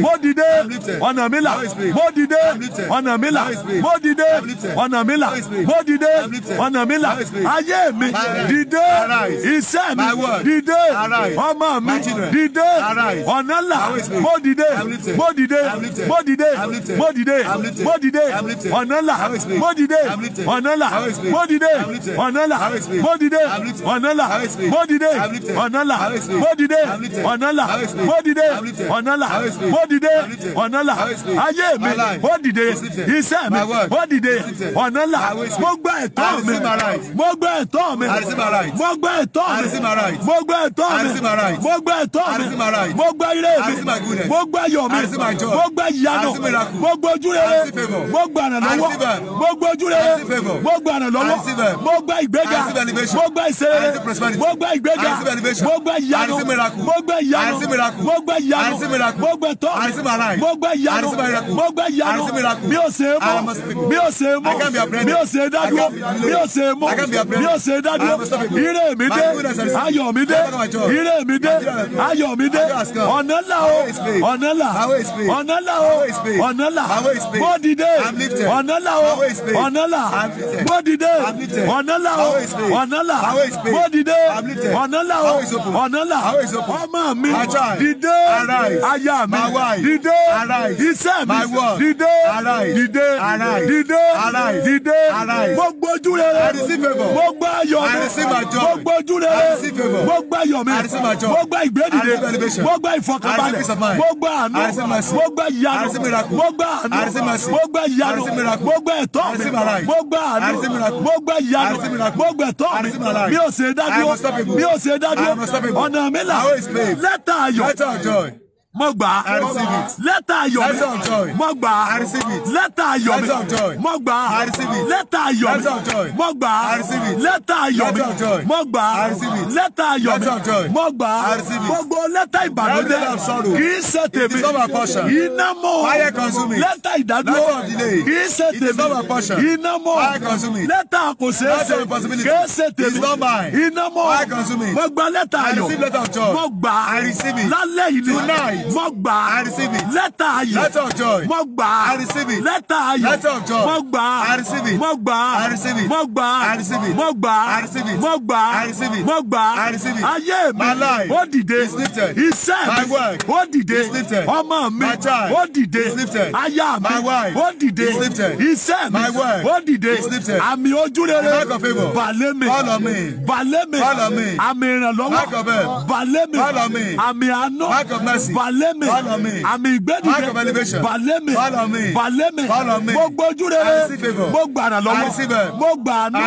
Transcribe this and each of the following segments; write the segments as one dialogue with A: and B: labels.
A: mo dìde ọ̀nà mi là mo dìde ọ̀nà mi là mo dìde ọ̀nà mi là mo dìde ọ̀nà mi là ayé mi dìde iṣẹ́ mi dìde ọmọ mi dìde ọ̀nà là mo dìde mo dìde mo dìde mo dìde mo dìde ọ̀nà là mo dìde ọ̀nà là mo dìde ọ̀nà là mo dìde ọ̀nà là mo dìde ọ̀nà là mo dìde ọ̀nà là mo dìde ọ̀nà là mo dìde ọ̀nà là ayé mi mo dìde iṣẹ́ mi mo dìde ọ̀nà là mo gba ẹ̀tọ́ mi mo gba ẹ̀tọ́ mi mo gba ẹ̀tọ́ mi mo gba ẹ̀tọ́ mi mo gba ẹ̀tọ́ mi mo gba ire mi mo gba ayọ̀ mi mo gba ìyanu mo gba ojúrere mo gba ànàlọ́wọ́ mo gba ojúrere mo gba ànàlọ́wọ́ mo gba ìgbéga mo gba ìṣerere mo gba ìgbéga mo gba ìyanu mo gba ìyanu mo gba ìyanu mo gba ẹ̀tọ́ mi mo gbẹ ìyanu mo gbẹ ìyanu mi ò ṣe é mọ́ mi ò ṣe é mọ́ mi ò ṣe é dádúró mi ò ṣe é mọ́ mi ò ṣe é dádúró ire mi dé ayọ̀ mi dé ire mi dé ayọ̀ mi dé ọ̀nà là o ọ̀nà là ọ̀nà là o ọ̀nà là mo dìde ọ̀nà là o ọ̀nà là mo dìde ọ̀nà là o ọ̀nà là mo dìde ọ̀nà là o ọ̀nà là ọmọ mi dìde aya mi arise dìde arise iṣẹ́ mi dìde arise dìde arise dìde arise dìde arise mo gbójú rere mo gbọ́ ayọ̀ mi mo gbójú rere mo gbọ́ ayọ̀ mi mo gbọ́ ìgbédìde mo gbọ́ ìfọkànbalẹ̀ mo gbọ́ àánú mo gbọ́ ìyanu mo gbọ́ àánú mo gbọ́ ìyanu mo gbọ́ ẹ̀tọ́ mi mo gbọ́ àánú mo gbọ́ ìyanu mo gbọ́ ẹ̀tọ́ mi mi ò ṣe dájú mi ò ṣe dájú ọ̀nà mi là lẹ́tà ayọ̀ mo gbà lẹ́tà ayọ̀ mi mo gbà lẹ́tà ayọ̀ mi mo gbà lẹ́tà ayọ̀ mi mo gbà lẹ́tà ayọ̀ mi mo gbà lẹ́tà ayọ̀ mi mo gbà gbogbo lẹ́tà ìbànújẹ́ kì í ṣe tèmi iná mọ́ lẹ́tà ìdádúró kì í ṣe tèmi iná mọ́ lẹ́tà kò ṣe é ṣe kì í ṣe tèmi iná mọ́ mo gbà lẹ́tà ayọ̀ mo gbà lálẹ́ yìí ni it. Mo gbà. I receive it. Lẹ́tà ayé. Letter of joy. Mo gbà. I receive it. Lẹ́tà ayé. Letter of joy. Mo gbà. I receive it. Mo gbà. I receive it. Mo gbà. I receive it. Mo gbà. I receive it. Mo gbà. I receive it. Mo gbà. I receive it. Aye, mi. My life. Ó dìde. Is lifted. Iṣẹ́ mi. My work. Ó dìde. Is lifted. Ọmọ mi. My child. Ó dìde. Is lifted. Aya mi. My wife. Ó dìde. Is lifted. Iṣẹ́ mi. My work. Ó dìde. Is lifted. Àmì ojúrere. Mark of favour. Bàlẹ́ mi. All of me. Bàlẹ́ mi. All of me. Àmì ìrànlọ́wọ́. Mark of help. Bàlẹ́ mi. All of me. Àmì balẹ̀mẹ̀ àmì ìgbẹ́dìde balẹ̀mẹ̀ balẹ̀mẹ̀ mo gbójú rere mo gbà àná lọ́wọ́ mo gbà àná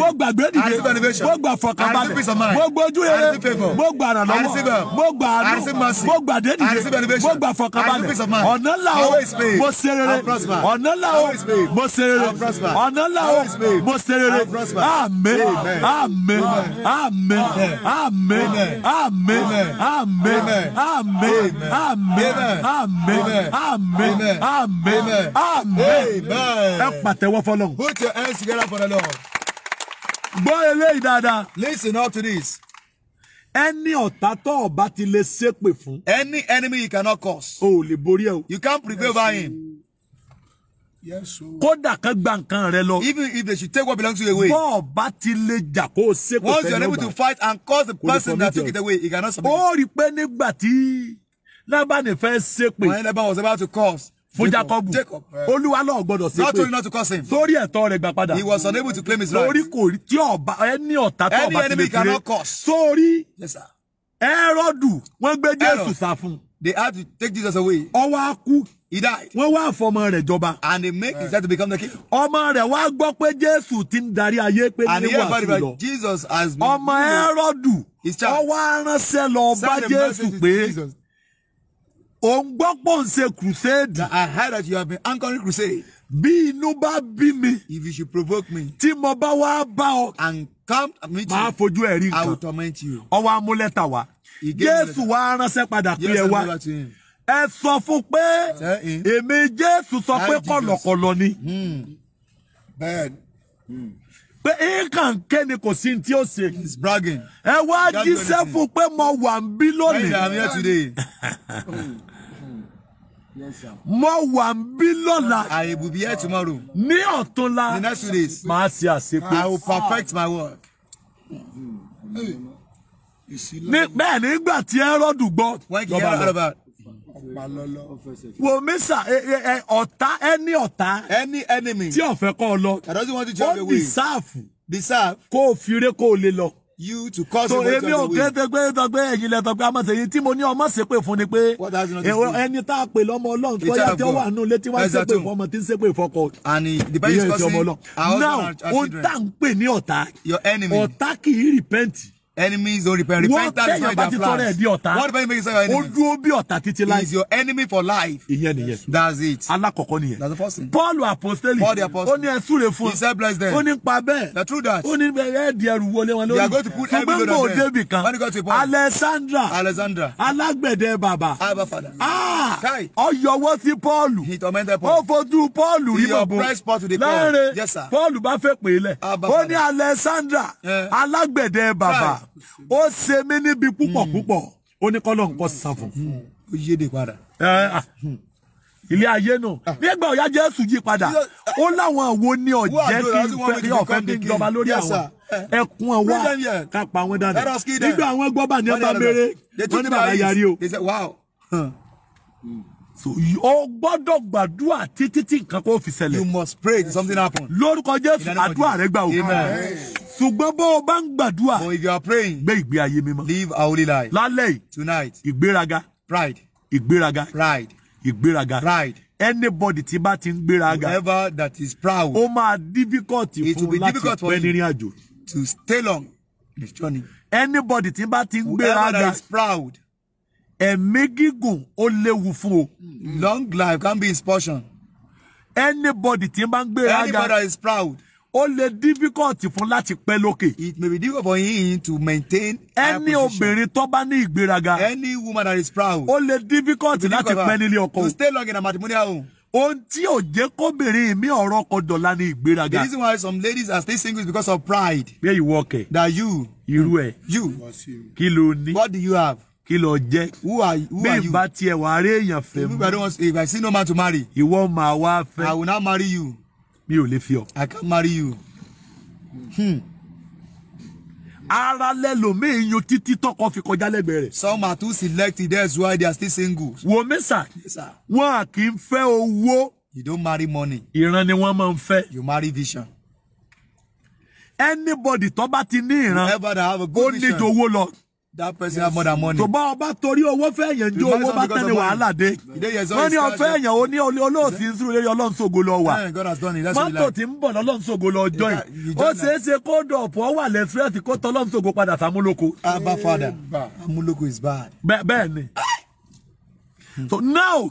A: mo gbà gbẹ́dìde mo gbà fọkànbalẹ̀ mo gbójú rere mo gbà àná lọ́wọ́ mo gbà àná mo gbà dẹ́dìde mo gbà fọkànbalẹ̀ ọ̀nà ńlá o mo ṣe rere ọ̀nà ńlá o mo ṣe rere ọ̀nà ńlá o mo ṣe rere àmín àmín àmín àmín àmín àmín àmín. Amen. Amen. Amen. Amen. Amen. Amen. Ẹ pàtẹ́wọ́ fọlọ́run. Put your hands together for the Lord. Gbọ́ eléyìí dáadáa. Listen up to this. Any ọ̀tá tó ọba ti lè ṣépè fún. Any enemy you cannot cause. O ò lè o. You can't prevail yes, over him. Yes, o. Kódà kan gba nǹkan rẹ lọ. Even if they should take what belongs to you away. Bọ́ ọba ti lè jà kó o ṣépè fẹ́ lọ́gbà. Once you are able to fight and cause the person that took it away, he cannot survive. Ó rí i pé nígbà tí lábàánì fẹ́ ṣépè. when laban was about to curse fún jacob olúwa náà gbọ́dọ̀ ṣe pé sórí ẹ̀tọ́ rẹ̀ gbà padà lórí kò rí tí ọba ẹni ọ̀tá tó ọba ti lè kéré sórí ẹrọdù wọ́n gbé jésù sá fún. they had to take jesus away. ọwọ́ akú he died. wọ́n wá àfọmọ rẹ̀ jọba. and they make him start to become the king. ọmọ rẹ̀ wá gbọ́ pé jésù ti ń darí ayé pé ní wàásù lọ. jesus has been. ọmọ ẹrọdù ọwọ́ aránṣẹ́ lọ bá jésù pé òun crusade. I heard that you have been anchoring crusade. bí inú bá bí mi. if you should provoke me. tí mo bá wá bá ọ. and come meet you. máa fojú ẹ̀rí nǹkan. I will torment you. ọwọ́ amúlẹ́ta wa. Jésù wá ránṣẹ́ padà pé ẹ wá. ẹ sọ fún pé èmi Jésù sọ pé kọ̀lọ̀kọ̀lọ̀ ni. Hmm. bẹ́ẹ̀ni hmm. pé nǹkan kéde kò sí tí ó ṣe. he is bragging. ẹ wá jíṣẹ́ fún pé mo wà ń bí lónìí. why you are here today. More one ń bí I will be here tomorrow. ní ọ̀túnla. the next two days. máa ṣe àṣepé. I will perfect my work. ní bẹ́ẹ̀ nígbà tí Hẹ́rọ́dù gbọ́. wọ́n kì í yẹ́rọ̀ lọ́ba. Wo Mesa ọ̀tá ẹni ọ̀tá. Any enemy. Tí ọ̀fẹ́ kọ́ ọ lọ. That doesn't want to jump away. Ó dìsáàfù. Dìsáàfù. Kó o fi eré kó o lè lọ you to cause so èmi ò ké tẹgbẹ́ tọgbẹ́ ẹ̀yin lẹ tọgbẹ́ àmọ́ sẹ́yìn tí mo ní ọmọ ṣépè fún ni pé ẹni tá a pè lọ́mọ ọlọ́run tó yá tó wà nù létí wá ń ṣépè fún ọmọ tí ń ṣépè fọkọ ìyẹn ti ọmọ ọlọ́run now ohun tá à ń pè ní ọ̀tá ọ̀tá kì í repent enemies don't repent. Repentance is not their plans. What do you make your enemy? Ojú bí ọ̀tá títí láì. is your enemy for life. Ìyẹn nìyẹn. That's it. Alákọ̀ọ́kọ́ nìyẹn. That's the first thing. Paul apostoli. Paul the apostle. Ó ní ẹ̀sùn rẹ̀ fún. He said bless them. Ó ní pa bẹ́ẹ̀. The true that. Ó ní bẹ́ẹ̀ ẹ̀ẹ́dì ẹrù wọlé wọn lórí. They are going to put every load on them. Ṣùgbọ́n mo débì kan. When you go to Paul. Alexandra. Alexandra. Alágbẹ̀dẹ Baba. Abba father. Ah! Kai. Ọyọwọ́ sí Paul. He tormented Paul. Ó fojú Paul rí bàbá. He oppressed Paul to the core. Yes sir. Paul bá fẹ́ pè é lẹ̀. Abba father. Ó ní Alexandra. Eh. Alágbẹ̀dẹ Baba ó ṣe mí níbi púpọ̀ hmm. púpọ̀ ó ní kọ́lọ́ nǹkan san fún. Hmm. Hmm. ó yéde padà. ilé ayé nù ah. nígbà ọ̀yá jésù yí padà eh, ó láwọn àwo ni ọ̀jẹ́ kí ọ̀fẹ́ kí n jọba lórí àwọn eh. ẹkún ọwọ́ ká pa àwọn dànù nígbà àwọn gbọ́bà ní ọba mèrè wọ́n ní bàbá yarí o o gbọ́dọ̀ gbàdúrà títí tí nǹkan kó fi ṣẹlẹ̀. you must pray till something happen. lórúkọ jésù àdúrà rẹ gbà o ṣùgbọ́n bó o bá ń gbàdúrà. For if you are praying. gbé ìgbé ayé mímọ́. live a holy life. lálẹ́ yìí. tonight. ìgbéraga. pride. ìgbéraga. pride. ìgbéraga. pride. anybody ti bá ti ń gbéraga. whoever that is proud. ó máa difficult fún láti pẹ́ nírìn àjò. to stay long in his journey. anybody ti bá ti ń gbéraga. whoever that is proud. ẹ̀mí gígùn ó léwu fún o. long life can be his portion. anybody ti bá ń gbéraga. anybody that is proud ó lè difficult fún láti pẹ́ lókè. it may be difficult for him to maintain. ẹni obìnrin tó bá ní ìgbéraga. any woman that is proud. ó lè difficult láti pẹ́ nílé ọkọ. to stay long in a matrimonial home. ohun tí ò jẹ́ kóbìnrin mi ọ̀rọ̀ ọkọ dọ̀la ní ìgbéraga. the reason why some ladies are stay single is because of pride. where you work ẹ. that you. irú ẹ. you. kí ló ní. what do you have kí ló jẹ́. who are you. bí n bá tiẹ̀ wà á rí èèyàn fẹ́ mú. if I see no man to marry. ìwọ máa wá fẹ́. I will not marry you mi ò lè fi ọ. I can marry you. Hmm. Ara lẹ́lòmíì yan títí tọkọ fi kọjá lẹ́gbẹ̀ẹ́ rẹ̀. Some are too selective that's why they are still single. Wo mesa? Wọ́n à kì í fẹ́ owó. You don't marry money. Ìran ni wọ́n máa ń fẹ́. You marry vision. Anybody tó bá ti ní ìran. have a good vision. Ó ní ju lọ that person have more than money. tó bá ọba torí owó fẹ́ yẹn jó owó bá tẹ́lẹ̀ wàhálà dé. wọ́n ní ọ̀fẹ́ yẹn o ní olóòsì ń sùn lórí ọlọ́nṣogo lọ wà. mọ́tò tí ń bọ̀ lọ́lọ́nṣogo lọ ọjọ́ yìí. ó ṣeé ṣe kó dọ̀pọ̀ wà lẹ́sírẹ́sì kó tọ́ lọ́nṣogo padà sàmúlòkó. abba father amúlòkó is bad. bẹ́ẹ̀ so now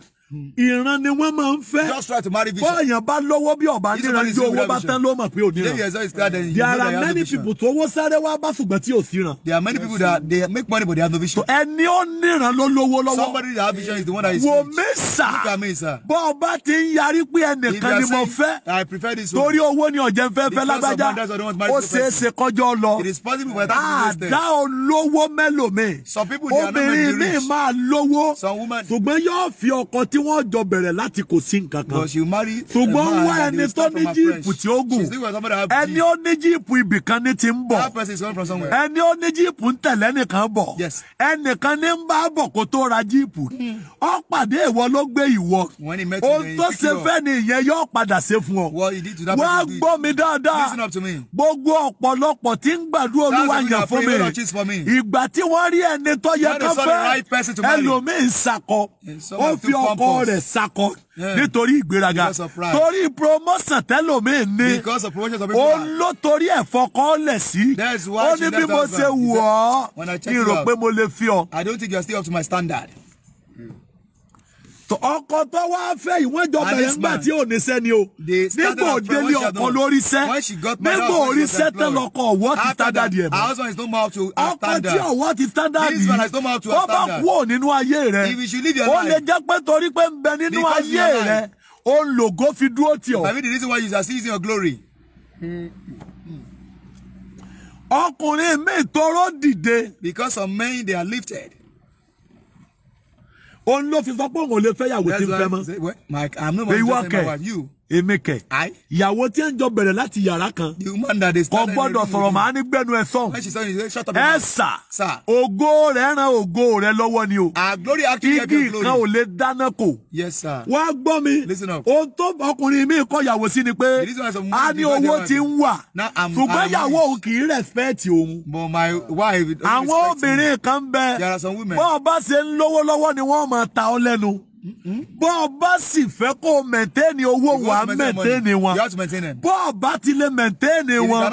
A: ìran ni wọ́n máa ń fẹ́. just try to marry vision. fọyàn bá lọ́wọ́ bí ọba níran ju owó bá tán ló pé òní there are many people tó wọ́n sáré wá bá ṣùgbọ́n tí ò sí ràn. there are many people that they make money but they have no vision. ẹni ó níran ló lówó lọ́wọ́. somebody that have vision is the one that is rich. wò mí sà bọ́ ọba ti ń yarí pé ẹnìkan ni mo fẹ́. I prefer this one. torí owó ni ọ̀jẹ̀ ń lágbájá ó ṣeé ṣe kọjọ́ lọ. it is possible for that to be tested. Ah, àdá olówó mélòó mi. some people they are not meant to obìnrin mi máa lówó. some women. ṣùgbọ́n yóò fi ọkọ tí wọn jọ bẹ̀rẹ̀ láti kò sí nǹkan kan. ṣùgbọ́n wá ẹni tó ní jíìpù tí ó gùn ẹni ó ní jíìpù ibì kan ní ti ń bọ̀ ẹni ó ní jíìpù ń tẹ̀lé nìkan bọ̀ ẹnìkan ní ń bá bọ̀ kó tó ra jíìpù ọ hmm. pàdé ìwọ ló gbé ìwọ ohun tó ṣe fẹ́ ni ìyẹn yóò padà ṣe fún ọ gbọ́ mi dáadáa gbogbo ọ̀pọ̀lọpọ̀ tí ń olúwa yàn fún mi ìgbà tí wọ́n rí ẹni tó yẹ ọwọ́ rẹ̀ sakọ nítorí ìgbéraga torí promotion tẹlòmíì ní ó ló torí ẹ̀ fọkànlẹ̀ sí ó ní bí mo ṣe wù ọ́ ní rò pé mo lè fi ọ. I don't think you are still up to my standard ọkọ tó wá fẹ́ ìwọ́n jọ bẹ̀rẹ̀ ńgbà tí ò ní sẹ́ni o nígbà òdélé ọkọ lórí sẹ́ nígbà orí sẹ́ tẹ́ lọ́kọ̀ ọ̀wọ́ ti standard yẹn mọ́ uh, ọkọ tí ọ̀wọ́ ti standard yìí ó bá kú ò nínú ayé rẹ̀ ó lè jẹ́ pé torí pé ń bẹ nínú ayé rẹ̀ ó ń lògó fi dúró tì ọ́. tàbí the reason why you are seizing your glory. ọkùnrin mi tọrọ dìde. because some men they are lifted òun ló fi sọ pé òun ò lè fẹ́ tí ń fẹ́ mọ́ ìwọ kẹ̀ èmi kẹ ìyàwó tí ń jọ bẹ̀rẹ̀ láti yàrá kan kò gbọ́dọ̀ sọ̀rọ̀ màá ní gbẹ́nu ẹ̀ sọ̀n ẹ̀ sà ògo rẹ̀ ran ògo rẹ̀ lọ́wọ́ ni o igi kan ò lè dáná kò wá gbọ́ mi ohun tó ọkùnrin mi kọ́ ìyàwó sí ni pé a ní owó ti ń wà ṣùgbọ́n ìyàwó òun kì í rẹ̀spẹ̀tì òun àwọn obìnrin kan bẹ bọ́ọ̀ bá ṣe ń lówó lọ́wọ́ ni wọ́n máa ta ọ lẹ́nu bọ́ ọ bá sì fẹ́ kó o mẹ̀ntẹ́ẹ̀nì owó wa mẹ̀ntẹ́ẹ̀nì wọn bọ́ ọ bá ti lè mẹ̀ntẹ́ẹ̀nì wọn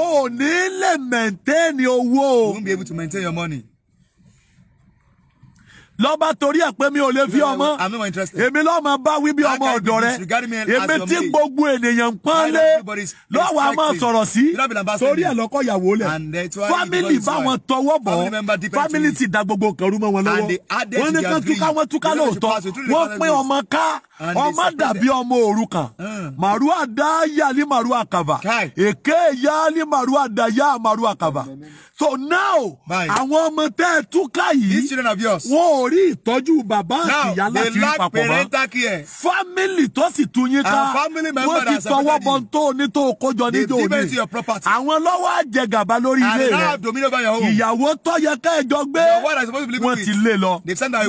A: o ò ní lè mẹ̀ntẹ́ẹ̀nì owó. you won't be able to maintain your money lọ́ba torí ẹ̀ pé mi ò lè fi ọmọ èmi lọ́mọ bá wí bí ọmọ ọ̀dọ̀ rẹ èmi tí gbogbo ènìyàn ń lé lọ́wọ́ a máa sọ̀rọ̀ sí torí ẹ̀ lọ́kọ̀ ìyàwó lẹ̀ fámìlì báwọn tọwọ́ bọ̀ fámìlì ti da gbogbo kẹrù mọ́ wọn lọ́wọ́ wọn ní kan túká wọn túká lóòótọ́ wọ́n pín ọmọ ká ọmọ dàbí ọmọ òrukàn màrúwà dá uh. yálí màrúwà kàbà èké yálí màrúwà dá yá màrúwà kàbà so now àwọn ọmọ tẹ́ ẹ túká yìí wọn ò rí ìtọ́jú bàbá àti ìyá láti rí papọ̀ mọ́ fámìlì tó sì tún yín ká wọ́n ti tọwọ́ bọ tó ní tó kójọ níjó ní àwọn lọ́wọ́ àjẹgàba lórí ilé rẹ̀ ìyàwó tó yẹ ká ẹjọ́ gbé wọ́n ti lé lọ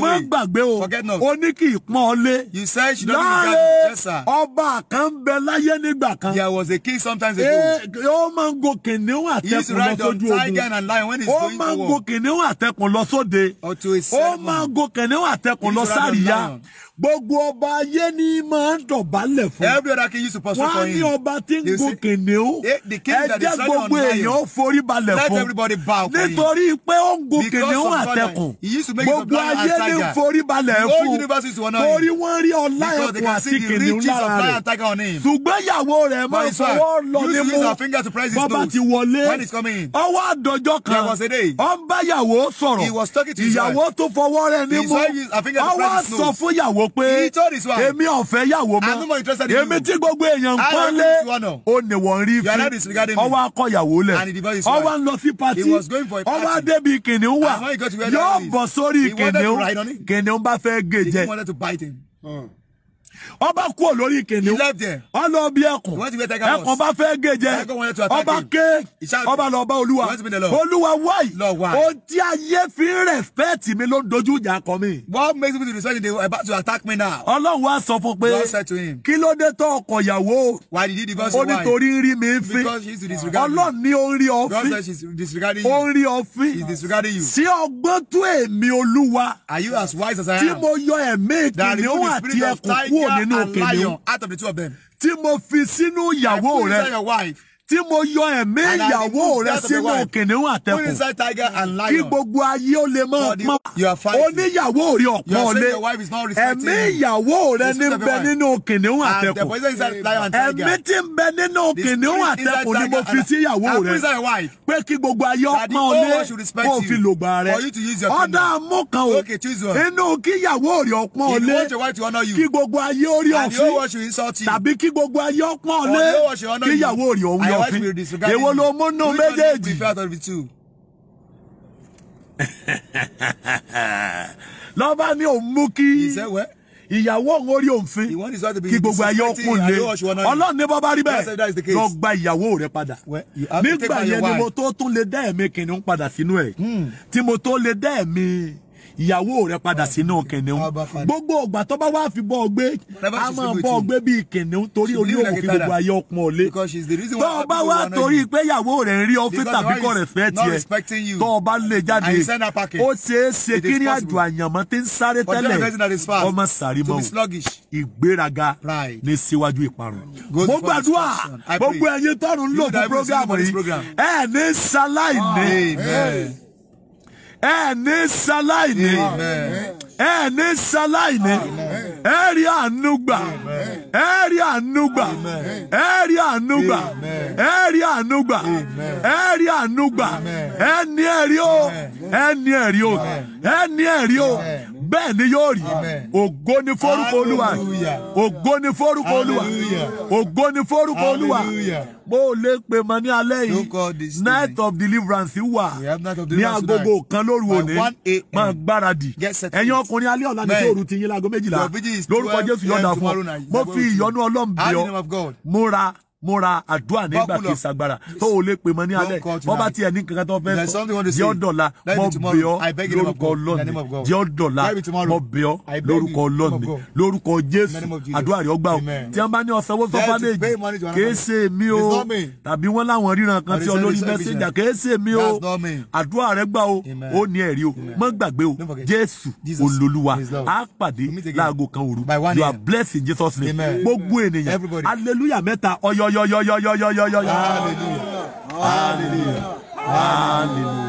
A: wọ́n gbàgbé o ó ní kí ìpọ́n ọ lé láàrin ọba kan bẹ láyé nígbà kan eh, ó máa ń gòkè níwọ̀n àtẹkùn lọ sójú ogun and when he's oh going to war. Ó máa ń gòkè ní àtẹkùn lọ sóde. Or to a Ó máa ń gòkè ní àtẹkùn lọ sáríyá gbogbo ọba ayé ni máa ń dọ̀bálẹ̀ fún. every other king used to prostrate for him. wọ́n á ní ọba tí ń gun kìnìún. Eh, the king that is on gbogbo èèyàn forí balẹ̀ fún. let everybody bow for him. nítorí pé ó ń gun kìnìún àtẹkùn. he used to make gbogbo ayé ní forí balẹ̀ fún. the whole universe is to honour him. torí wọ́n rí ọlá ẹ̀kọ́ àti kìnìún lára rẹ̀. ṣùgbọ́n ìyàwó rẹ̀ máa fọwọ́ lọ ní mú. bọ́ba ti wọlé. ọwọ́ àdọ́jọ́ kan. ọ ń bá ìyàwó sọ̀rọ̀. ìyàwó tó fọwọ́ rẹ̀ ní mú. ọwọ́ sọ fún ìyàwó wò pé èmi ọ̀fẹ́ yàwó mọ́ èmi tí gbogbo èèyàn ń pọ́nlé ó ní wọ́n rí fi ọwọ́ akọ̀yàwó lẹ̀ ọwọ́ ń lọ sí pati ọwọ́ débi kìnìún wà yóò bọ̀ sórí kìnìún kìnìún bá fẹ́ gé jẹ ọba kúrò lórí kìnìún ọlọ bí ẹkùn ẹkùn bá fẹ́ gèjẹ ọba ké ọba lọ bá olúwa olúwa wáyì ohun tí ayé fi ń rẹ̀spẹ̀tì mi ló dojú ìjà kọ mi. what makes me to decide they were about to attack me now. ọlọ́run wá sọ fún pé kí ló dé tó ọkọ ìyàwó ó nítorí rí mi fi ọlọ́run ní ó rí ọfín ó rí ọfín sí ọgbọ́n tó èmi olúwa tí mo yọ ẹ̀mí kìnìún àti ẹkùn kúrò kúrò nínú òkè ni tí mo fi sinu ìyàwó rẹ tí mo yọ ẹ̀mí ìyàwó rẹ sínú kìnìún àtẹkùn kí gbogbo ayé ó lè máa pọ́n oníyàwó rí ọ̀pọ̀ lé ẹ̀mí ìyàwó rẹ ní bẹ nínú kìnìún àtẹkùn ẹ̀mí tí ń bẹ nínú kìnìún àtẹkùn ni mo fi sí ìyàwó rẹ pé kí gbogbo ayé ọpọ́n lé kó fi lògbà rẹ ọ̀dà amú kan o inú kí ìyàwó rí ọpọ́n lé kí gbogbo ayé ó rí ọ̀fín tàbí kí gbogbo ayé ọpọ́n lé kí ìyàwó rí ọ̀hún òfin èwo ló mú nù méjèèjì. lọ́ba ní òun mú kí ìyàwó òun orí òǹfin kí gbogbo ayé ọkùn lé ọlọ́run ní bọ́bá rí bẹ́ẹ̀ lọ gba ìyàwó rẹ padà nígbà yẹn ni mo tó tún lè dá ẹ̀mí kìnìún padà sínú ẹ̀ hmm. tí mo tó lè dá ẹ̀mí ìyàwó rẹ padà sínú kẹ̀nẹ̀ún gbogbo ọgbà tó bá wàá fi bọ́ ọ gbé a máa bọ́ ọ gbé bíi kẹ̀nẹ̀ún torí oníhòòhò fi gbogbo ayé ọpọn ọ̀lẹ́ tó o bá wàá torí pé ìyàwó rẹ ń rí ọ́fíì tàbí kọ́ rẹ̀ fẹ́ tiẹ̀ tó o bá lè jáde ó ṣeé ṣe kí ní àjò àyànmọ́ tí ń sáré tẹ́lẹ̀ ọmọ sàrímọ́ ìgbéraga ní síwájú ìparun mo gbàdúrà gbogbo ẹ̀yin ẹ ní ṣaláìní ẹ ní ṣaláìní ẹ rí àánú gbà ẹ rí àánú gbà ẹ rí àánú gbà ẹ rí àánú gbà ẹ rí àánú gbà ẹ ní ẹ̀rí o ẹ ní ẹ̀rí o ẹ ní ẹ̀rí o bẹ́ẹ̀ ni yóò rí ògo ni fórúkọ olúwa ògo ni fórúkọ olúwa ògo ni fórúkọ olúwa bó o lè pè mọ ní alẹ́ yìí night of deliverance wà ní agogo kan lóru òní máa gbáradì ẹ̀yin ọkùnrin alẹ́ ọ̀la ní sóòrù ti yín láago méjìlá lórúkọ Jésù yọ̀ǹda fún ọ mo fi ìyọ́nú Ọlọ́run bí ọ múra múra àdúrà nígbà kí sagbara tó o lè pè mọ ní alẹ́ wọn bá tiẹ̀ ní kankan tó fẹ́ sọ di ọdọla mo bẹ̀ ọ́ lórúkọ Ọlọ́run di ọdọla mo bẹ̀ ọ́ lórúkọ Ọlọ́run lórúkọ Jésù àdúrà rẹ ọgbà o tí wọn bá ní ọsanwó sọfánẹjì kìí ṣe mi o tàbí wọn láwọn ríran kan tí olórí mẹsẹjà kìí ṣe mi o àdúrà rẹ gbà o ó ní ẹ̀rí o má gbàgbé o Jésù olólùwà á pàdé láago kan òru you are in Jesus name gbogbo ènìyàn hallelujah mẹ́ta ọyọ yo yo yo yo yo yo yo. Hallelujah. Hallelujah. Hallelujah.